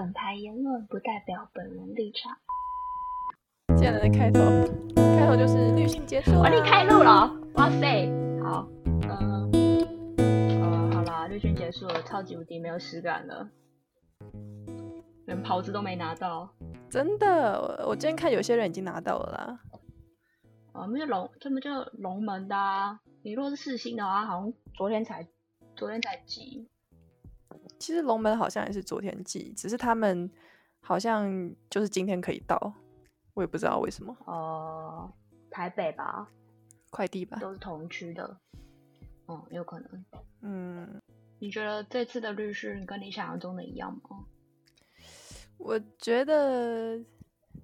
本台言論不代表本人立場。艱難的開頭，開頭就是律訓結束。我綠開錄了，哇塞！好，嗯，呃、嗯嗯，好啦，律訓結束了，超級無敵沒有實感了，連袍子都沒拿到。真的，我我今天看有些人已經拿到了啦。哦、嗯，那有龍，他們叫龍門的、啊。你若是四星的話，好像昨天才，昨天才集。其實龍門好像也是昨天寄，只是他們好像就是今天可以到，我也不知道為什麼。哦、呃，台北吧，快遞吧，都是同區的，嗯，有可能。嗯，你覺得這次的律訓跟你想象中的一樣嗎？我覺得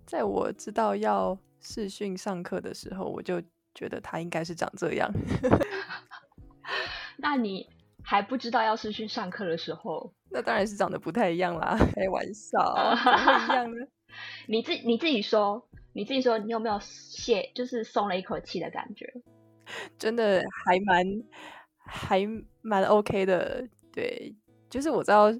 在我知道要視訊上課的時候，我就覺得他應該是長這樣。 那你？還不知道要視訊上課的時候，那當然是長得不太一樣啦，開玩笑，不太一樣的。 你自你自己說，你自己說，你有沒有卸，就是鬆了一口氣的感覺？真的還蠻還蠻 OK 的，對，就是我知道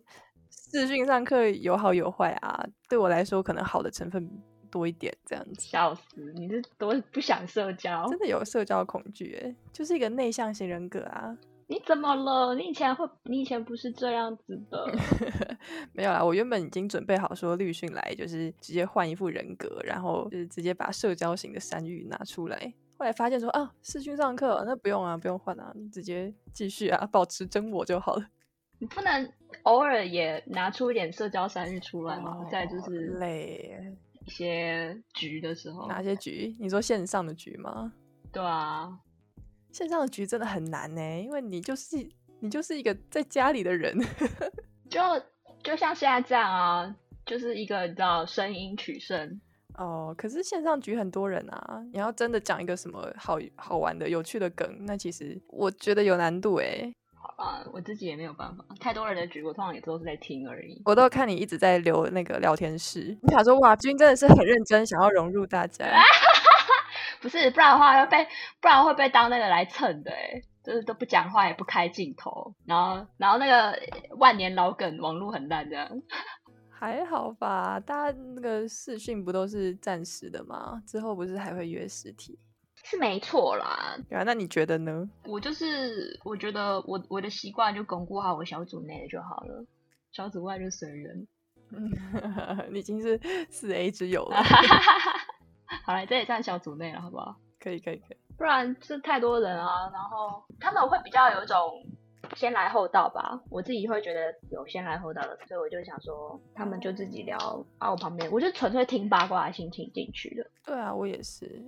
視訊上課有好有壞啊，對我來說可能好的成分多一點，這樣子。笑死，你是多不想社交？真的有社交恐懼耶，就是一個內向型人格啊。你怎麼了？你以前會，你以前不是這樣子的。 沒有啦，我原本已經準備好說律訓來就是直接換一副人格，然後就是直接把社交型的山芋拿出來。後來發現說啊，視訊上課那不用啊，不用換啊，你直接繼續啊，保持真我就好了。你不能偶爾也拿出一點社交山芋出來嗎？再、哦、就是累一些局的時候。哪些局？你說線上的局嗎？對啊。線上的局真的很難呢。欸，因為你就是你就是一個在家裡的人， 就就像現在這樣啊，就是一個叫聲音取勝哦。可是線上局很多人啊，你要真的講一個什麼好好玩的、有趣的梗，那其實我覺得有難度哎、欸。好吧，我自己也沒有辦法，太多人的局，我通常也都是在聽而已。我都看你一直在留那個聊天室，你想說哇，君真的是很認真， 想要融入大家。 不是，不然的話會被，不然會被當那個來蹭的哎，就是都不講話也不開鏡頭，然後然後那個萬年老梗，網路很爛這樣，還好吧？大家那個視訊不都是暫時的嗎？之後不是還會約實體？是沒錯啦。對啊，那你覺得呢？我就是我覺得我我的習慣就鞏固好我小組內的就好了，小組外就隨人、嗯呵呵。你已經是四 A 之友了。 好了，這也算小組內了，好不好？可以，可以，可以。不然，是太多人啊，然後他們會比較有一種先來後到吧。我自己會覺得有先來後到的，所以我就想說，他們就自己聊，啊，我旁邊，我就純粹聽八卦的心情進去了。對啊，我也是。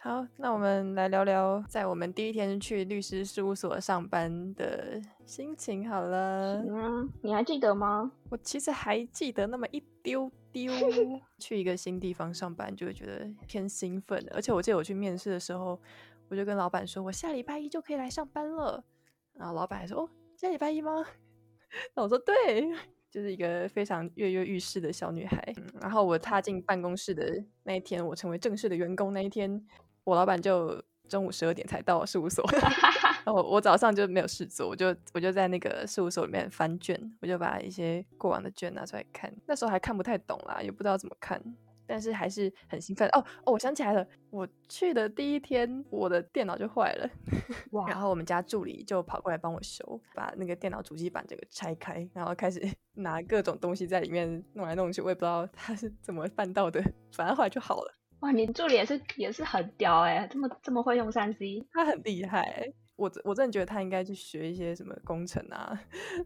好，那我們來聊聊在我們第一天去律師事務所上班的心情好了。行啊，你還記得嗎？我其實還記得那麼一丟。丟 去一個新地方上班，就會覺得偏興奮。而且我記得我去面試的時候，我就跟老闆說：“我下禮拜一就可以來上班了。”然後老闆還說：“哦，下禮拜一嗎？”那我說：“對，就是一個非常躍躍欲試的小女孩。”嗯，然後我踏進辦公室的那一天，我成為正式的員工那一天，我老闆就中午十二點才到事務所。 我我早上就沒有事做，我就我就在那個事務所裡面翻卷，我就把一些過往的卷拿出來看，那時候還看不太懂啦，也不知道怎麼看，但是還是很興奮。哦哦，我想起來了，我去的第一天我的電腦就壞了，哇， 然後我們家助理就跑過來幫我修，把那個電腦主機板這個拆開，然後開始拿各種東西在裡面弄來弄去，我也不知道他是怎麼辦到的，反正後來就好了。哇，你助理也是也是很屌哎、欸，這麼這麼會用三 C，他很厲害。我我真的覺得他應該去學一些什麼工程啊、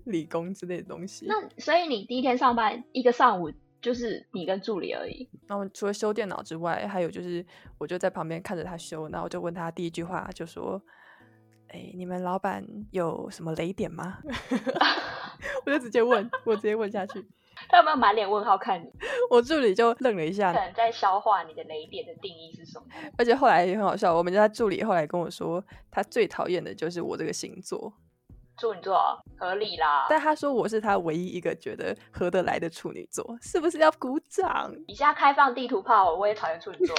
理工之類的東西。那所以你第一天上班一個上午就是你跟助理而已。那我除了修電腦之外，還有就是我就在旁邊看着他修，然後我就問他第一句話就說：“哎、欸，你們老闆有什麼雷點嗎？” 我就直接問，我直接問下去。他有沒有滿臉問號看你？ 我助理就愣了一下，可能在消化你的雷點的定義是什麼。而且後來也很好笑，我們家助理後來跟我說，他最討厭的就是我這個星座，處女座，合理啦。但他說我是他唯一一個覺得合得來的處女座，是不是要鼓掌？以下開放地圖炮，我也討厭處女座。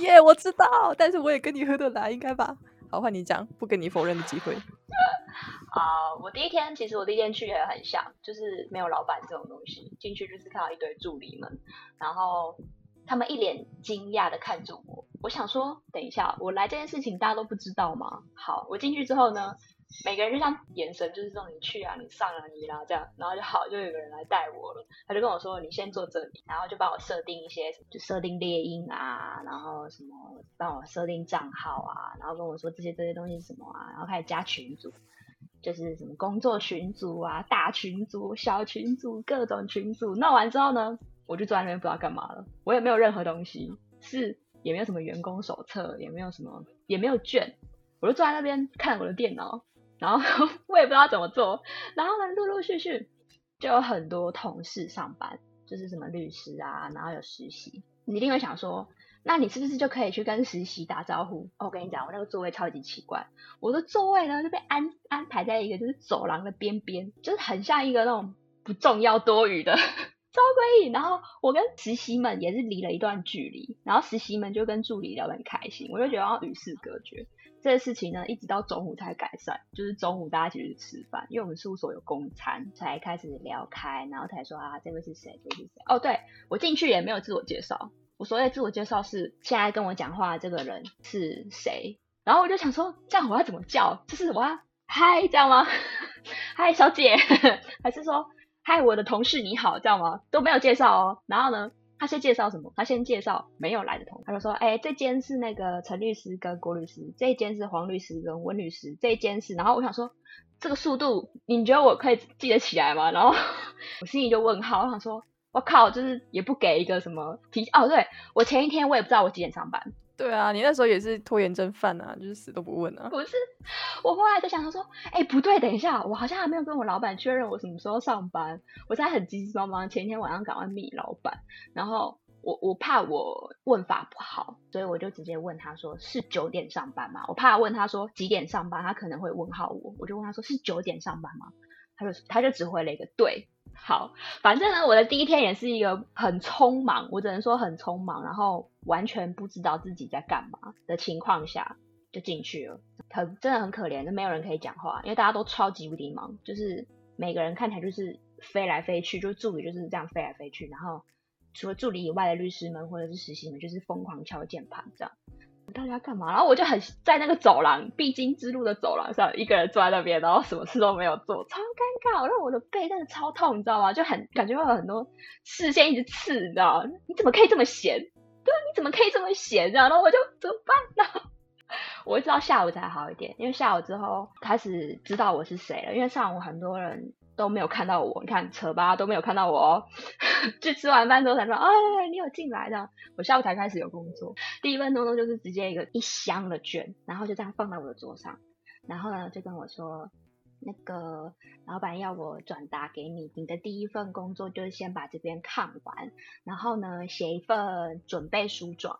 耶 ，yeah, 我知道，但是我也跟你合得來，應該吧。好，換你講，不給你否認的機會。好、 uh,，我第一天，其實我第一天去也很像，就是沒有老闆這種東西，進去就是看到一堆助理們，然後他們一臉驚訝的看着我，我想說，等一下，我來這件事情大家都不知道嗎？好，我進去之後呢，每個人就像眼神，就是這種，你去啊，你上啊，你啦、啊、這樣，然後就好，就有個人來帶我了。他就跟我說：“你先坐這裡。”然後就幫我設定一些，就設定列印啊，然後什麼幫我設定賬號啊，然後跟我說這些這些東西什麼啊，然後開始加群組，就是什麼工作群組啊、大群組、小群組、各種群組。弄完之後呢，我就坐在那邊不知道幹嘛了。我也沒有任何東西，是也沒有什麼員工手冊，也沒有什麼也沒有卷，我就坐在那邊看我的電腦。然後我也不知道怎麼做，然後呢，陸陸續續就有很多同事上班，就是什麼律師啊，然後有實習，你一定會想說，那你是不是就可以去跟實習打招呼？哦，我跟你講，我那個座位超級奇怪，我的座位呢就被安安排在一個就是走廊的邊邊，就是很像一個那種不重要多餘的，超詭異。然後我跟實習們也是離了一段距離，然後實習們就跟助理聊得很開心，我就覺得我與世隔絕。這個事情呢，一直到中午才改善，就是中午大家一起去吃飯，因為我們事務所有公餐，才開始聊開，然後才說啊，這位是誰，這位是誰？哦，對，我進去也沒有自我介紹，我所謂的自我介紹是現在跟我講話的這個人是誰，然後我就想說這樣我要怎麼叫？這是什麼啊？嗨，這樣嗎？嗨，小姐， 還是說嗨，Hi, 我的同事你好，這樣嗎？都沒有介紹哦，然後呢？他先介紹什麼？他先介紹沒有來的同事，他就說：“哎、欸，這間是那個陳律師跟郭律師，這一間是黃律師跟文律師，這一間是……”然後我想說，這個速度，你覺得我可以記得起來嗎？然後我心裡就問號，我想說：“我靠，就是也不給一個什麼提。哦，對，我前一天我也不知道我幾點上班。”對啊，你那時候也是拖延症犯啊，就是死都不問啊。不是，我後來在想，他說：“哎、欸，不對，等一下，我好像還沒有跟我老闆確認我什麼時候上班。”我現在很急急忙忙，前一天晚上趕快密老闆，然後我我怕我問法不好，所以我就直接問他說：“是九點上班嗎？”我怕問他說幾點上班，他可能會問號我，我就問他說：“是九點上班嗎？”他就他就只回了一個“對”，好，反正呢，我的第一天也是一個很匆忙，我只能說很匆忙，然後。完全不知道自己在幹嘛的情況下就進去了，很真的很可憐，就沒有人可以講話，因為大家都超級無敵忙，就是每個人看起來就是飛來飛去，就助理就是這樣飛來飛去，然後除了助理以外的律師們或者是實習們就是瘋狂敲鍵盤，這樣你到底要幹嘛？然後我就很在那個走廊必經之路的走廊上，一個人坐在那邊，然後什麼事都沒有做，超尷尬，讓我的背真的超痛，你知道嗎？就很感覺會有很多視線一直刺，你知道？你怎麼可以這麼閒？對，你怎麼可以這麼閒？這樣，然後我就怎麼辦呢？我一直到下午才好一點，因為下午之後開始知道我是誰了。因為上午很多人都沒有看到我，你看扯吧，都沒有看到我。去 吃完飯之後才說：“哎、哦，你有進來的。”我下午才開始有工作。第一份工作就是直接一個一箱的卷，然後就這樣放在我的桌上，然後呢就跟我說。那個老闆要我轉達給你，你的第一份工作就是先把這邊看完，然後呢寫一份準備書狀。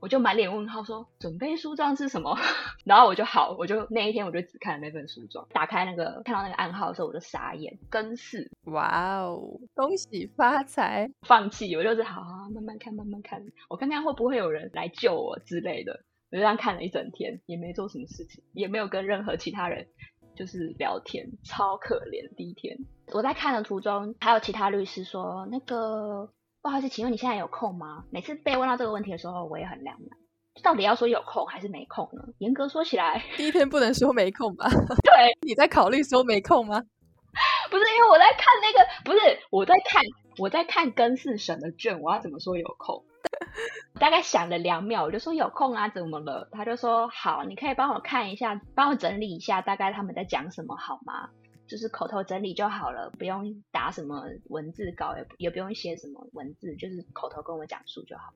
我就滿臉問號說：“準備書狀是什麼？” 然後我就好，我就那一天我就只看了那份書狀。打開那個看到那個暗號的時候，我就傻眼，真是哇哦，恭喜發財！放棄，我就是好好慢慢看，慢慢看，我看看會不會有人來救我之類的。我就這樣看了一整天，也沒做什麼事情，也沒有跟任何其他人。就是聊天，超可憐。第一天我在看的途中，還有其他律師說：“那個不好意思，請問你現在有空嗎？”每次被問到這個問題的時候，我也很兩難。到底要說有空還是沒空呢？嚴格說起來，第一天不能說沒空吧？ 對，你在考慮說沒空嗎？不是，因為我在看那個，不是我在看。我在看更是神的卷，我要怎麼說有空？ 大概想了兩秒，我就說有空啊，怎麼了？他就說好，你可以幫我看一下，幫我整理一下，大概他們在講什麼好嗎？就是口頭整理就好了，不用打什麼文字稿，也不用寫什麼文字，就是口頭跟我講述就好。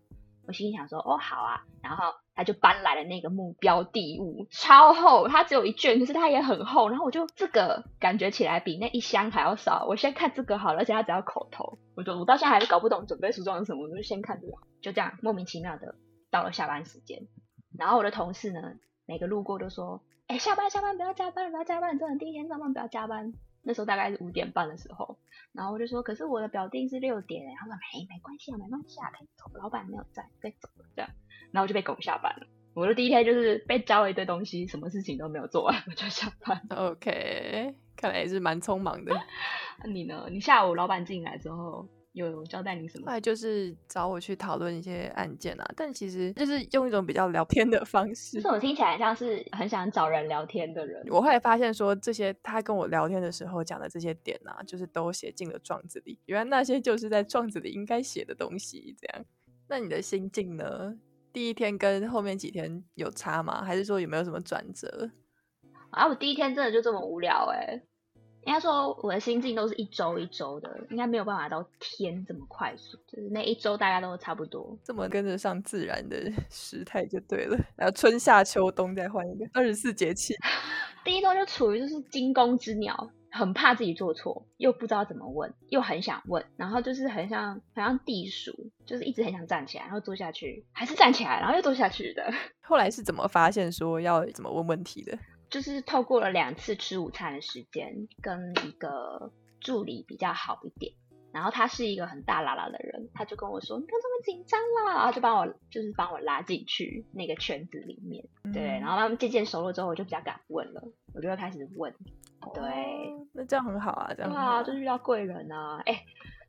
我心裡想說：“哦，好啊。”然後他就搬來了那個目標地物，超厚，它只有一卷，可是它也很厚。然後我就這個感覺起來比那一箱還要少，我先看這個好了。而且他只要口頭，我說我到現在還是搞不懂準備書狀是什麼，我就先看這個。就這樣莫名其妙的到了下班時間，然後我的同事呢，每個路過都說：“哎、欸，下班下班，不要加班，不要加班，真的第一天上班不要加班。”那時候大概是五點半的時候，然後我就說，可是我的表定是六點，然後說沒沒關係啊，沒關係啊，可以走，老闆沒有在，可以走了這樣，然後我就被拱下班了。我的第一天就是被交了一堆東西，什麼事情都沒有做完，我就下班了。OK，看來也是蠻匆忙的。 你呢？你下午老闆進來之後？有交代你什麼？後來就是找我去討論一些案件啊，但其實就是用一種比較聊天的方式。這種，聽起來像是很想找人聊天的人？我後來發現說，這些他跟我聊天的時候講的這些點啊，就是都寫進了狀子裡。原來那些就是在狀子裡應該寫的東西，這樣。那你的心境呢？第一天跟後面幾天有差嗎？還是說有沒有什麼轉折？啊，我第一天真的就這麼無聊哎。應該說，我的心境都是一周一周的，應該沒有辦法到天這麼快速，就是那一周大家都差不多，這麼跟着上自然的時態就對了。然後春夏秋冬再換一個二十四節氣，第一周就處於就是驚弓之鳥，很怕自己做錯，又不知道怎麼問，又很想問，然後就是很像很像地鼠，就是一直很想站起來，然後坐下去，還是站起來，然後又坐下去的。後來是怎麼發現說要怎麼問問題的？就是透過了兩次吃午餐的時間，跟一個助理比較好一點。然後他是一個很大剌剌的人，他就跟我說：“你不要這麼緊張啦。”然後就把我就是把我拉進去那個圈子裡面。嗯、對，然後他們漸漸熟了之後，我就比較敢問了，我就開始問。嗯、對，那這樣很好啊，這樣啊。對啊，就是遇到貴人啊！欸、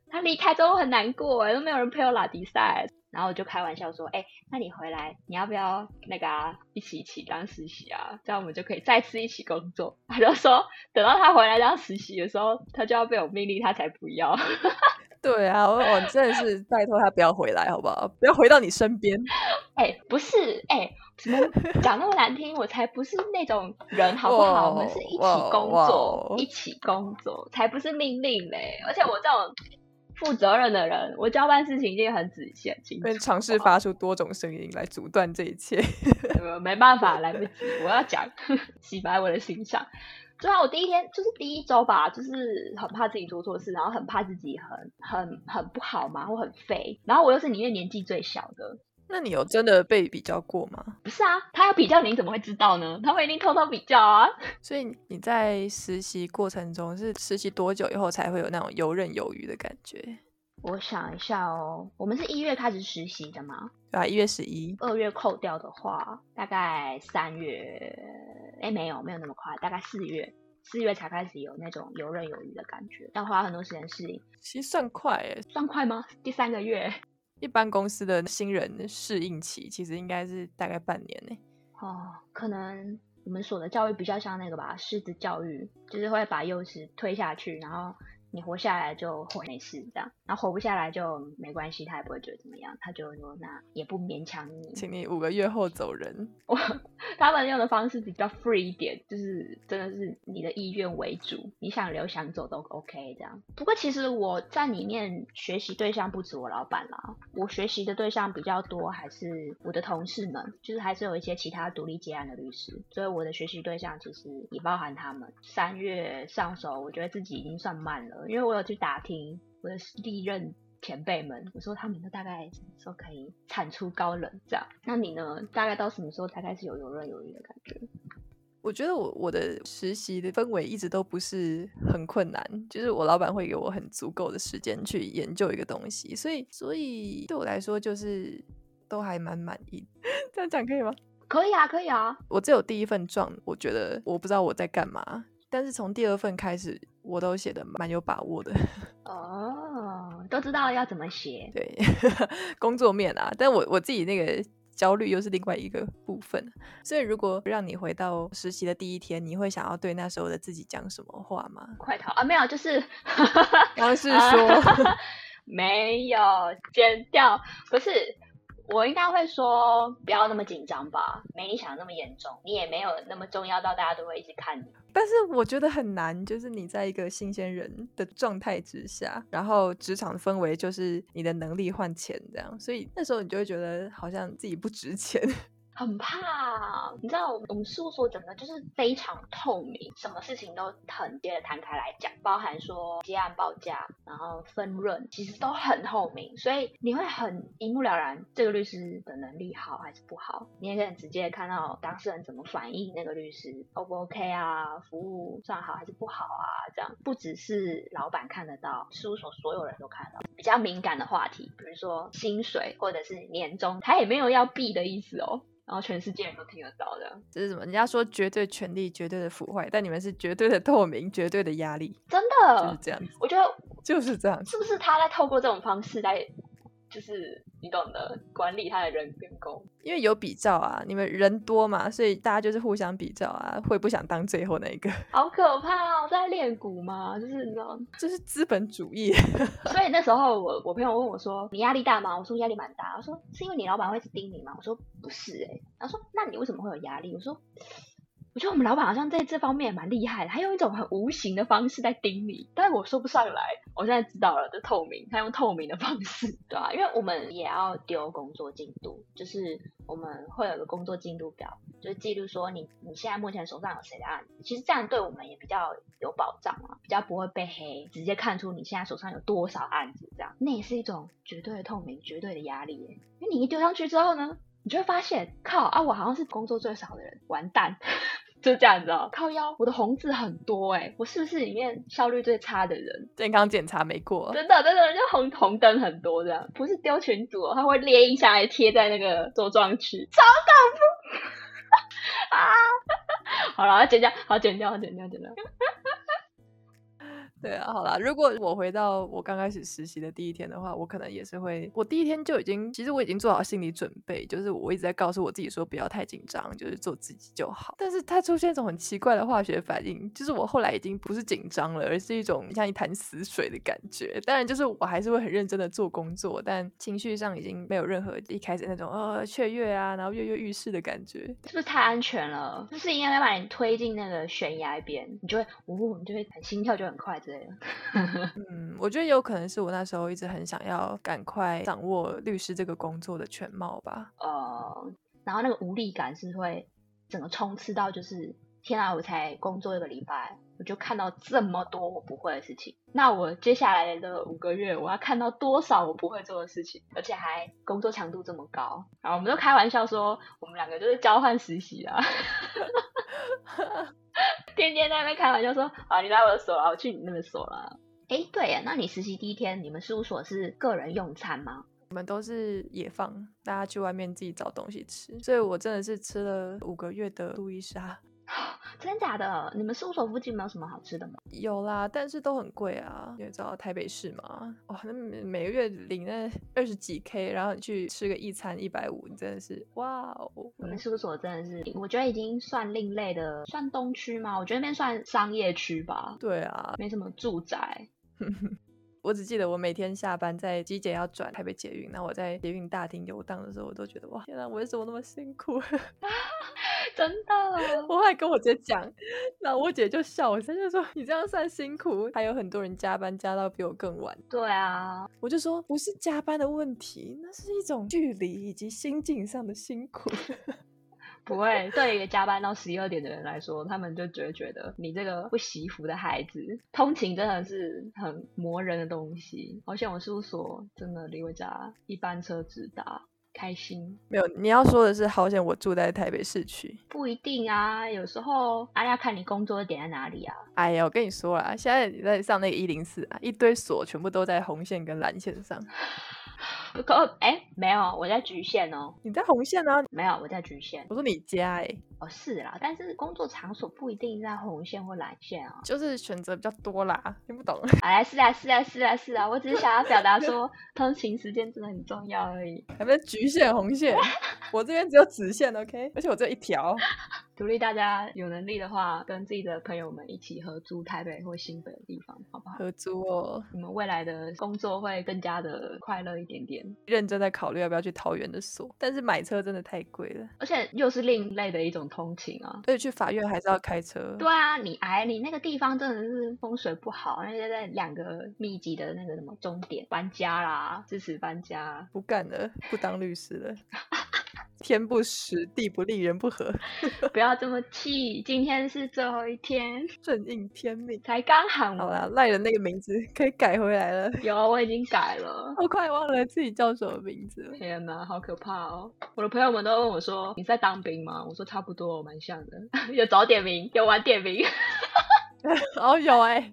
他離開之後很難過、欸，都沒有人陪我喇低賽、欸。然後我就開玩笑說：“哎、欸，那你回來，你要不要那個、啊、一起一起當實習啊？這樣我們就可以再次一起工作。”他就說：“等到他回來當實習的時候，他就要被我命令，他才不要。 ”對啊我，我真的是拜託他不要回來，好不好？不要回到你身邊。哎、欸，不是，哎、欸，什麼講那麼難聽？ 我才不是那種人，好不好？我們是一起工作，一起工作，一起工作才不是命令嘞，而且我這種。負責任的人，我交辦事情一定很仔細、很清楚。很嘗試發出多種聲音來阻斷這一切、 呃。沒辦法，來不及，我要講 洗白我的形象。就像我第一天，就是第一週吧，就是很怕自己做錯事，然後很怕自己很、很、很不好嘛，或很廢。然後我又是裡面年紀最小的。那你有真的被比較過嗎？不是啊，他要比較你怎麼會知道呢？他會一定偷偷比較啊。所以你在實習過程中是實習多久以後才會有那種游刃有餘的感覺？我想一下哦，我們是一月開始實習的嗎？對啊，一月十一，二月扣掉的話，大概三月，哎、欸，沒有，沒有那麼快，大概四月，四月才開始有那種游刃有餘的感覺，要花很多時間適應。其實算快、欸，哎，算快嗎？第三個月。一般公司的新人的適應期其實應該是大概半年呢、欸。哦，可能我們所的教育比較像那個吧，獅子教育就是會把幼獅推下去，然後。你活下來就活沒事，這樣，然後活不下來就沒關係，他也不會覺得怎麼樣，他就說那也不勉強你，請你五個月後走人。我 他們用的方式比較 free 一點，就是真的是你的意願為主，你想留想走都 OK，這樣。不過其實我在裡面學習對象不止我老闆啦，我學習的對象比較多，還是我的同事們，就是還是有一些其他獨立接案的律師，所以我的學習對象其實也包含他們。三月上手，我覺得自己已經算慢了。因為我有去打聽我的歷任前輩們，我說他們都大概什麼時候可以產出高冷？這樣，那你呢？大概到什麼時候才開始有游刃有餘的感覺？我覺得我我的實習的氛圍一直都不是很困難，就是我老板會給我很足夠的時間去研究一個東西，所以所以對我來說就是都還蠻滿意。 這樣講可以嗎？可以啊，可以啊。我只有第一份狀，我覺得我不知道我在幹嘛，但是從第二份開始。我都寫得蠻有把握的，哦、oh,，都知道要怎麼寫。對， 工作面啊，但我我自己那個焦慮又是另外一個部分。所以如果讓你回到實習的第一天，你會想要對那時候的自己講什麼話嗎？快、oh, 逃 啊，啊！沒有，就是， 剛是說， 沒有剪掉，不是。我應該會說，不要那麼緊張吧，沒你想的那麼嚴重，你也沒有那麼重要到大家都會一直看你。但是我覺得很難，就是你在一個新鮮人的狀態之下，然後職場氛圍就是你的能力換錢這樣，所以那時候你就會覺得好像自己不值錢。很怕，你知道我們事務所整個就是非常透明，什麼事情，都很接着攤開來講，包含說接案報價，然後分潤，其實都很透明，所以你會很一目了然這個律師的能力好還是不好，你也可以直接看到當事人怎麼反應那個律師 O、哦、不 OK 啊，服務算好還是不好啊，這樣不只是老闆看得到，事務所所有人都看得到。比較敏感的話題，比如說薪水或者是年終，他也沒有要避的意思哦。然後全世界人都聽得到的。這是什麼？人家說，絕對權力絕對的腐壞，但你們是絕對的透明，絕對的壓力，真的就是這樣子。我覺得就是這樣，是不是他在透過這種方式來，就是。你懂得管理他的人跟工，因為有比較啊。你們人多嘛，所以大家就是互相比較啊，會不想當最後那一個，好可怕哦！在練蠱嘛，就是你知道，這是資本主義。所以那時候我，我我朋友問我說：“你壓力大嗎？”我說：“壓力蠻大。”我說：“是因為你老闆會一直盯你嗎？”我說：“不是哎。”他說：“那你為什麼會有壓力？”我說。我覺得我們老闆好像在這方面也蠻厲害的。他用一種很無形的方式在盯你，但是我說不上來。我現在知道了，就透明，他用透明的方式，對吧？因為我們也要丟工作進度，就是我們會有個工作進度表，就是記錄說你你現在目前手上有誰的案子。其實這樣對我們也比較有保障啊，比較不會被黑，直接看出你現在手上有多少案子。這樣，那也是一種絕對的透明，絕對的壓力。因為你一丟上去之後呢，你就會發現，靠啊，我好像是工作最少的人，完蛋。是這樣的、喔，靠腰，我的紅字很多哎、欸，我是不是裡面效率最差的人？健康檢查沒過，真的真的就紅紅燈很多這樣，不是丟群組、喔，他會列印下來貼在那個周狀區，超恐怖 啊！ 好了，剪掉，好剪掉，好，剪掉，剪掉。 對啊，好啦。如果我回到我剛開始實習的第一天的話，我可能也是會，我第一天就已經，其實我已經做好心理準備，就是我一直在告訴我自己說不要太緊張，就是做自己就好。但是它出現一種很奇怪的化學反應，就是我後來已經不是緊張了，而是一種像一潭死水的感覺。當然，就是我還是會很認真的做工作，但情緒上已經沒有任何一開始那種呃、哦、雀躍啊，然後躍躍欲試的感覺。是不是太安全了？就是應該要把你推進那個懸崖邊，你就會嗚、哦，你就會心跳就很快。 嗯，我覺得有可能是我那時候一直很想要趕快掌握律師這個工作的全貌吧。呃，然後那個無力感是會整個充斥到，就是天啊！我才工作一個禮拜，我就看到這麼多我不會的事情。那我接下來的這個五個月，我要看到多少我不會做的事情？而且還工作強度這麼高。然後我們都開玩笑說，我們兩個就是交換實習啊。 天天在那邊開玩笑說：“啊，你在我的所啊，我去你那邊所了。欸”哎，對呀，那你實習第一天，你們事務所是個人用餐嗎？我們都是野放，大家去外面自己找東西吃，所以我真的是吃了五個月的路易莎。 真的假的？你們事務所附近沒有什麼好吃的嗎？有啦，但是都很貴啊。你知道台北市嘛。哇，那每個月領那二十幾 K，然後去吃個一餐一百五，你真的是哇哦！你們事務所真的是，我覺得已經算另類的，算東區嗎？我覺得那邊算商業區吧。對啊，沒什麼住宅。 我只記得我每天下班在機捷要轉台北捷運，那我在捷運大廳遊蕩的時候，我都覺得哇，天啊，我為什麼那麼辛苦？ 真的，我還跟我姐講，那我姐就笑我，她就說，你這樣算辛苦？還有很多人加班加到比我更晚。對啊，我就說不是加班的問題，那是一種距離以及心境上的辛苦。 不會，對一個加班到十一二點的人來說，他們就覺得覺得你這個不惜福的孩子。通勤真的是很磨人的東西。好像我事務所真的離我家一班車直達。開心沒有？你要說的是好像我住在台北市區，不一定啊。有時候，啊要看你工作點在哪裡啊？哎呀，我跟你說啊，現在你在上那個一零四啊，一堆所全部都在紅線跟藍線上。 可哎、欸，沒有，我在橘線哦。你在紅線呢、啊？沒有，我在橘線。我說你家哎、欸。哦，是啦，但是工作場所不一定在紅線或藍線哦、喔。就是選擇比較多啦，聽不懂。哎，是啦，是啦，是啦，是啦。我只是想要表達說， 通勤時間真的很重要而已。還沒橘線、紅線， 我這邊只有直線，OK？而且我只有一條。 鼓勵大家有能力的話，跟自己的朋友們一起合租台北或新北的地方，好不好？合租哦，你們未來的工作會更加的快樂一點點。認真在考慮要不要去桃園的所，但是買車真的太貴了，而且又是另類的一種通勤啊。所以去法院還是要開車。對啊，你哎，你那個地方真的是風水不好，而且在兩個密集的那個什麼終點搬家啦，支持搬家，不幹了，不當律師了。 天不時，地不利，人不和。 不要這麼氣，今天是最後一天，順應天命才剛好。好啦，賴的那個名字可以改回來了。有啊，我已經改了，我快忘了自己叫什麼名字了。天哪，好可怕哦！我的朋友們都問我說：“你在當兵嗎？”我說：“差不多、哦，蠻像的。 ”有早點名，有晚點名， 哦，有哎、欸，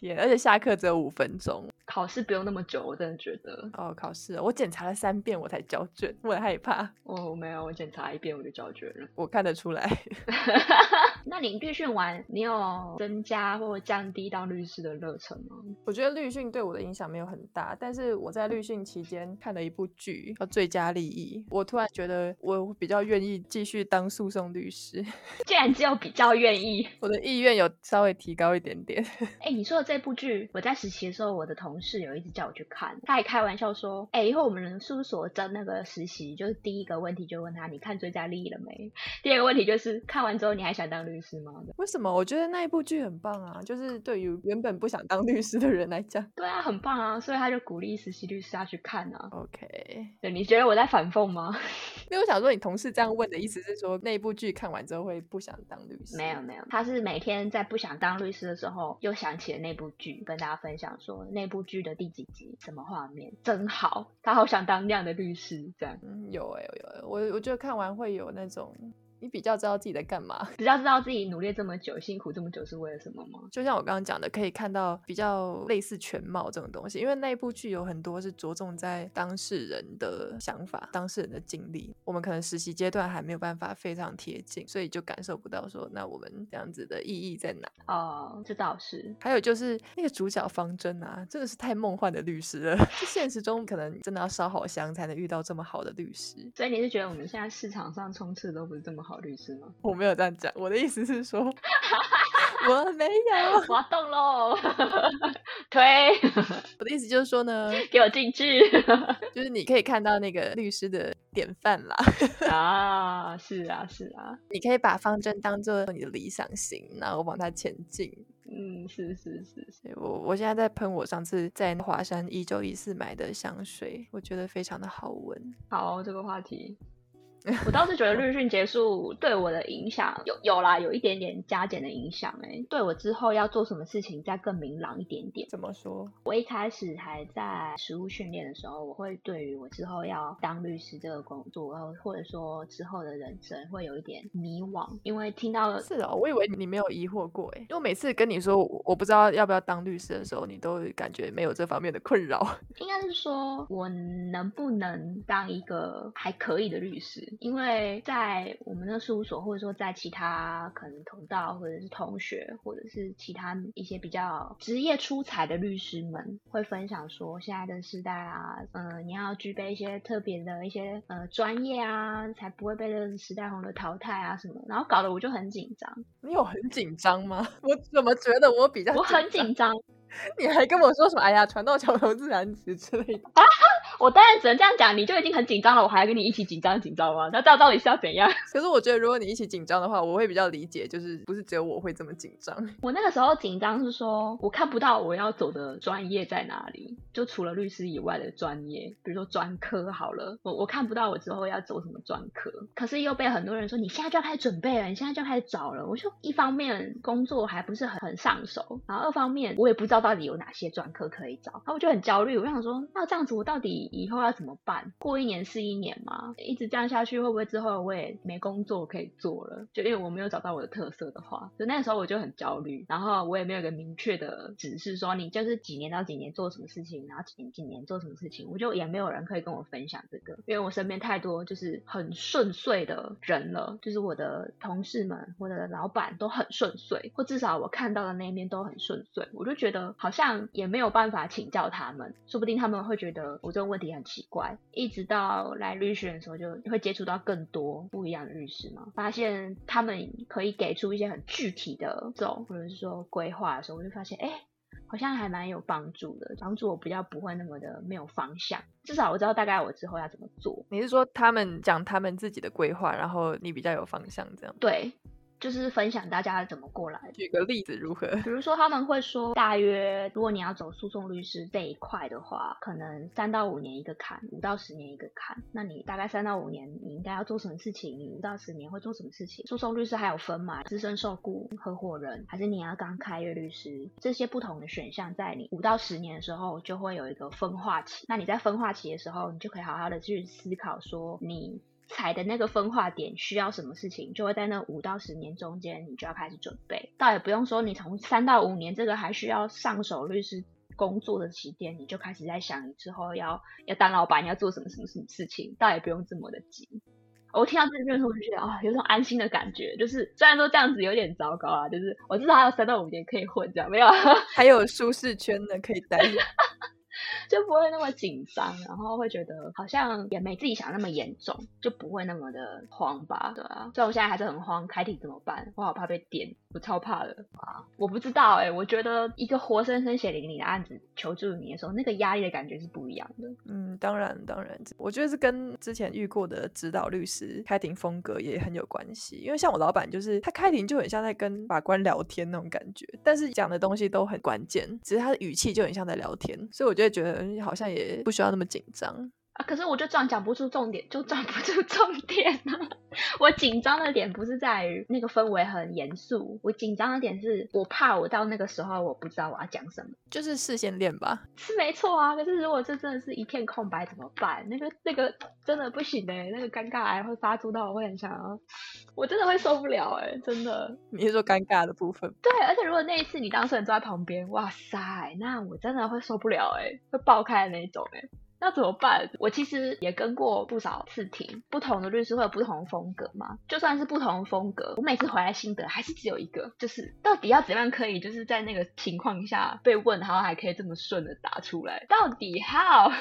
也而且下課只有五分鐘。考試不用那麼久，我真的覺得。哦，考試，我檢查了三遍我才交卷，我很害怕。哦，沒有，我檢查一遍我就交卷了。我看得出來。 那你律訓完，你有增加或降低當律師的熱忱嗎？我覺得律訓對我的影響沒有很大，但是我在律訓期間看了一部劇叫《最佳利益》，我突然覺得我比較願意繼續當訴訟律師。竟 然只有比較願意，我的意願有稍微提高一點點。哎、 欸，你說的這部劇，我在實習的時候，我的同同事有一直叫我去看，他還開玩笑說：“哎、欸，以後我們律師事務所招那個實習，就是第一個問題就問他，你看《最佳利益》了沒？第二個問題就是看完之後你還想當律師嗎？”為什麼？我覺得那一部劇很棒啊，就是對於原本不想當律師的人來講，對啊，很棒啊，所以他就鼓勵實習律師要去看啊。OK，對，你覺得我在反諷嗎？因為我想說，你同事這樣問的意思是說，那部劇看完之後會不想當律師？沒有，沒有，他是每天在不想當律師的時候，又想起了那部劇，跟大家分享說那部劇。劇的第幾集？什麼畫面？真好，他好想當那樣的律師。這樣、嗯、有哎、欸、有、欸，我我覺得看完會有那種。你比較知道自己在幹嘛？比較知道自己努力這麼久，辛苦這麼久是為了什麼嗎？就像我剛剛講的，可以看到比較類似全貌這種東西，因為那一部劇有很多是着重在當事人的想法、當事人的經歷。我們可能實習階段還沒有辦法非常貼近，所以就感受不到說，那我們這樣子的意義在哪。哦，這倒是。還有就是那個主角方箏啊，真的是太夢幻的律師了。 就現實中可能真的要燒好香才能遇到這麼好的律師。所以你是覺得我們現在市場上充斥都不是這麼好好律師嗎？我沒有這樣講，我的意思是說， 我沒有滑動嘍， 推。我的意思就是說呢， 給我進去， 就是你可以看到那個律師的典範啦。 啊，是啊，是啊，你可以把方針當做你的理想型，然後往它前進。嗯，是是是是，我我現在在噴我上次在華山一九一四買的香水，我覺得非常的好聞。好哦，這個話題。 我倒是覺得律訓結束對我的影響有有啦，有一點點加減的影響哎、欸，對我之後要做什麼事情再更明朗一點點。怎麼說？我一開始還在實務訓練的時候，我會對於我之後要當律師這個工作，或者說之後的人生會有一點迷惘，因為聽到了。是哦、啊，我以為你沒有疑惑過哎、欸，因為我每次跟你說我，我不知道要不要當律師的時候，你都感覺沒有這方面的困擾。 應該是說我能不能當一個還可以的律師？因為在我們的事務所，或者說在其他可能同道或者是同學，或者是其他一些比較職業出彩的律師們，會分享說現在的時代啊，嗯，你要具備一些特別的一些呃、嗯、專業啊，才不會被這個時代洪流淘汰啊什麼。然後搞得我就很緊張。你有很緊張嗎？我怎麼覺得我比較我很緊張。你還跟我說什麼？哎呀，船到橋頭自然直之類的啊！我當然只能這樣講，你就已經很緊張了，我還要跟你一起緊張緊張嗎？那到底是要怎樣？可是我覺得，如果你一起緊張的話，我會比較理解，就是不是只有我會這麼緊張。我那個時候緊張是說我看不到我要走的專業在哪裡，就除了律師以外的專業，比如說專科好了，我我看不到我之後要走什麼專科。可是又被很多人說，你現在就要開始準備了，你現在就要開始找了。我就一方面工作還不是很很上手，然後二方面我也不知道。到底有哪些專科可以找？那我就很焦慮，我就想說，那這樣子我到底以後要怎麼辦？過一年是一年嘛，一直這樣下去，會不會之後我也沒工作可以做了？就因為我沒有找到我的特色的話，就那個時候我就很焦慮，然後我也沒有一個明確的指示，說你就是幾年到幾年做什麼事情，然後幾年幾年做什麼事情，我就也沒有人可以跟我分享這個，因為我身邊太多就是很順遂的人了，就是我的同事們或者老闆都很順遂，或至少我看到的那一面都很順遂，我就覺得。好像也沒有辦法請教他們，說不定他們會覺得我這個問題很奇怪。一直到來律師的時候，就會接觸到更多不一樣的律師嘛，發現他們可以給出一些很具體的種，或者是說規劃的時候，我就發現，哎、欸，好像還蠻有幫助的，幫助我比較不會那麼的沒有方向，至少我知道大概我之後要怎麼做。你是說他們講他們自己的規劃，然後你比較有方向這樣？對。就是分享大家怎麼過來。舉個例子，如何？比如說他們會說，大約如果你要走訴訟律師這一塊的話，可能三到五年一個坎，五到十年一個坎。那你大概三到五年，你應該要做什麼事情？你五到十年會做什麼事情？訴訟律師還有分嘛？資深受僱合夥人，還是你要剛開業律師？這些不同的選項，在你五到十年的時候，就會有一個分化期。那你在分化期的時候，你就可以好好的去思考說你踩的那個分化點需要什麼事情，就會在那五到十年中間，你就要開始準備。倒也不用說你從三到五年這個還需要上手律師工作的起點，你就開始在想，你之後要要當老闆，你要做什麼什麼什麼事情，倒也不用這麼的急。我聽到這邊我就覺得啊，有種安心的感覺。就是雖然說這樣子有點糟糕啊，就是我知道還有三到五年可以混，這樣沒有， 還有舒適圈的可以待。 就不會那麼緊張，然後會覺得好像也沒自己想的那麼嚴重，就不會那麼的慌吧，對啊。所以我現在還是很慌，開庭怎麼辦？我好怕被點。我超怕的啊！我不知道哎、欸，我覺得一個活生生血淋淋的案子求助你的時候，那個壓力的感覺是不一樣的。嗯，當然當然，我覺得是跟之前遇過的指導律師開庭風格也很有關係。因為像我老闆，就是他開庭就很像在跟法官聊天那種感覺，但是講的東西都很關鍵，只是他的語氣就很像在聊天，所以我就覺得好像也不需要那麼緊張。啊，可是我就講講不出重點，就講不出重點 我緊張的點不是在於那個氛圍很嚴肅，我緊張的點是我怕我到那個時候我不知道我要講什麼。就是事先練吧，是沒錯啊。可是如果這真的是一片空白怎麼辦？那個那個真的不行誒、欸、那個尷尬癌、啊、會發作到我會很想要，我真的會受不了哎、欸，真的。你是說尷尬的部分？對，而且如果那一次你當事人坐在旁邊，哇塞，那我真的會受不了哎、欸，會爆開的那種哎、欸。那怎麼辦？我其實也跟過不少次庭，不同的律師會有不同的風格嘛。就算是不同風格，我每次回來心得還是只有一個，就是到底要怎樣可以，就是在那個情況下被問，然後還可以這麼順的答出來，到底 how？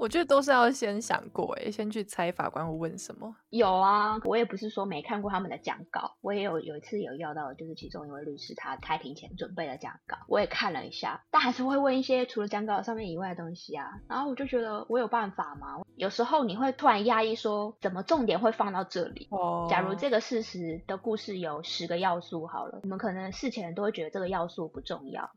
我覺得都是要先想過、欸，哎，先去猜法官會問什麼。有啊，我也不是說沒看過他們的講稿，我也有有一次有要到，就是其中一位律師他開庭前準備了講稿，我也看了一下，但還是會問一些除了講稿上面以外的東西啊。然後我就覺得我有辦法嗎？有時候你會突然壓抑說，怎麼重點會放到這裡？哦，假如這個事實的故事有十個要素，好了，你們可能事前都會覺得這個要素不重要，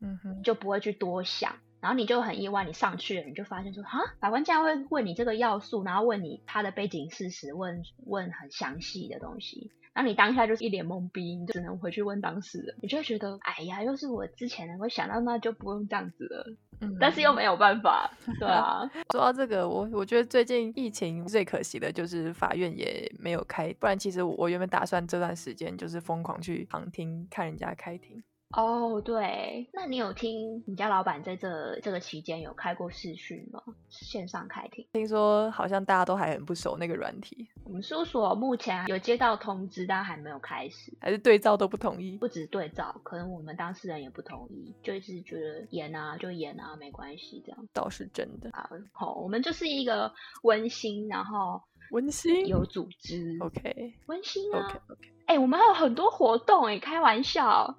嗯哼，就不會去多想。然後你就很意外，你上去了，你就發現說，哈，法官竟然會問你這個要素，然後問你他的背景事實，問問很詳細的東西，然後你當下就是一臉懵逼，你就只能回去問當事人。你就會覺得，哎呀，又是要是我之前能夠想到，那就不用這樣子了。嗯。但是又沒有辦法， 對啊。說到這個，我我覺得最近疫情最可惜的就是法院也沒有開，不然其實我，我原本打算這段時間就是瘋狂去旁聽看人家開庭。哦、oh，對，那你有聽你家老闆在這個、這個期間有開過視訊嗎？線上開庭，聽說好像大家都還很不熟那個軟體。我們所目前有接到通知，但還沒有開始。還是對照都不同意？不止對照，可能我們當事人也不同意，就一直覺得延啊就延啊，沒關係這樣。倒是真的啊，好，我們就是一個溫馨，然後溫馨有組織，OK，溫馨、啊，OK 哎、okay. 欸，我們還有很多活動、欸，哎，開玩笑。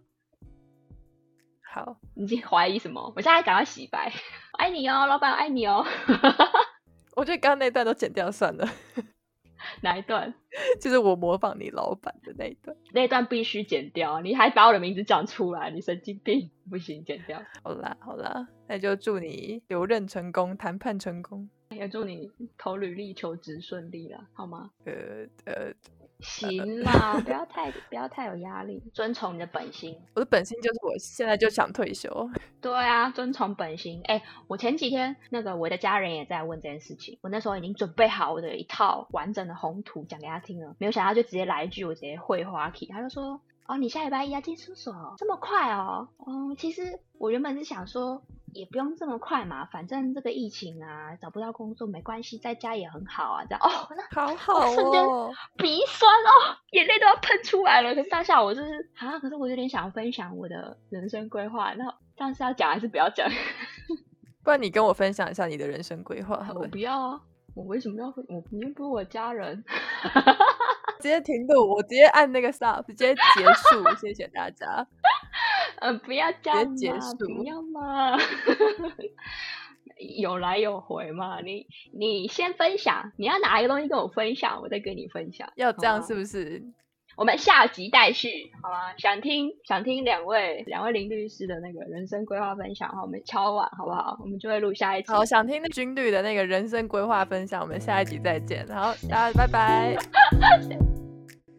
好，你已經懷疑什麼？我現在還趕快洗白，我愛你哦，老闆，我愛你哦。 我覺得剛剛那段都剪掉算了。 哪一段？就是我模仿你老闆的那一段，那一段必須剪掉。你還把我的名字講出來，你神經病！不行，剪掉。好啦，好啦，那就祝你留任成功，談判成功，也祝你投履歷求職順利了，好嗎？呃呃。行啦 不，不要太不要太有壓力，遵從你的本心。我的本心就是我現在就想退休。對啊，遵從本心。哎、欸，我前幾天那個我的家人也在問這件事情，我那時候已經準備好我的一套完整的宏圖講給他聽了，沒有想到就直接來一句，我直接繪畫 k 他就說，哦，你下禮拜一要進事務所，這麼快哦？哦，其實我原本是想說。也不用這麼快嘛，反正這個疫情啊，找不到工作沒關係，在家也很好啊。這樣哦，那好好哦，哦瞬間鼻酸哦，眼淚都要噴出來了。可是當下我就是啊，可是我有點想要分享我的人生規劃。那但是要講還是不要講？不然你跟我分享一下你的人生規劃？我不要啊！我為什麼要分？我你又不是我家人。 直接停頓，我直接按那個 stop，直接結束。 謝謝大家。呃、不要這樣結束，不要嘛， 有來有回嘛。你你先分享，你要拿一個東西跟我分享，我再跟你分享。要這樣是不是？我們下集待續，好嗎？想聽想聽兩位兩位林律師的那個人生規劃分享，我們超晚好不好？我們就會錄下一集。好，想聽軍律的那個人生規劃分享，我們下一集再見。好，大家拜拜。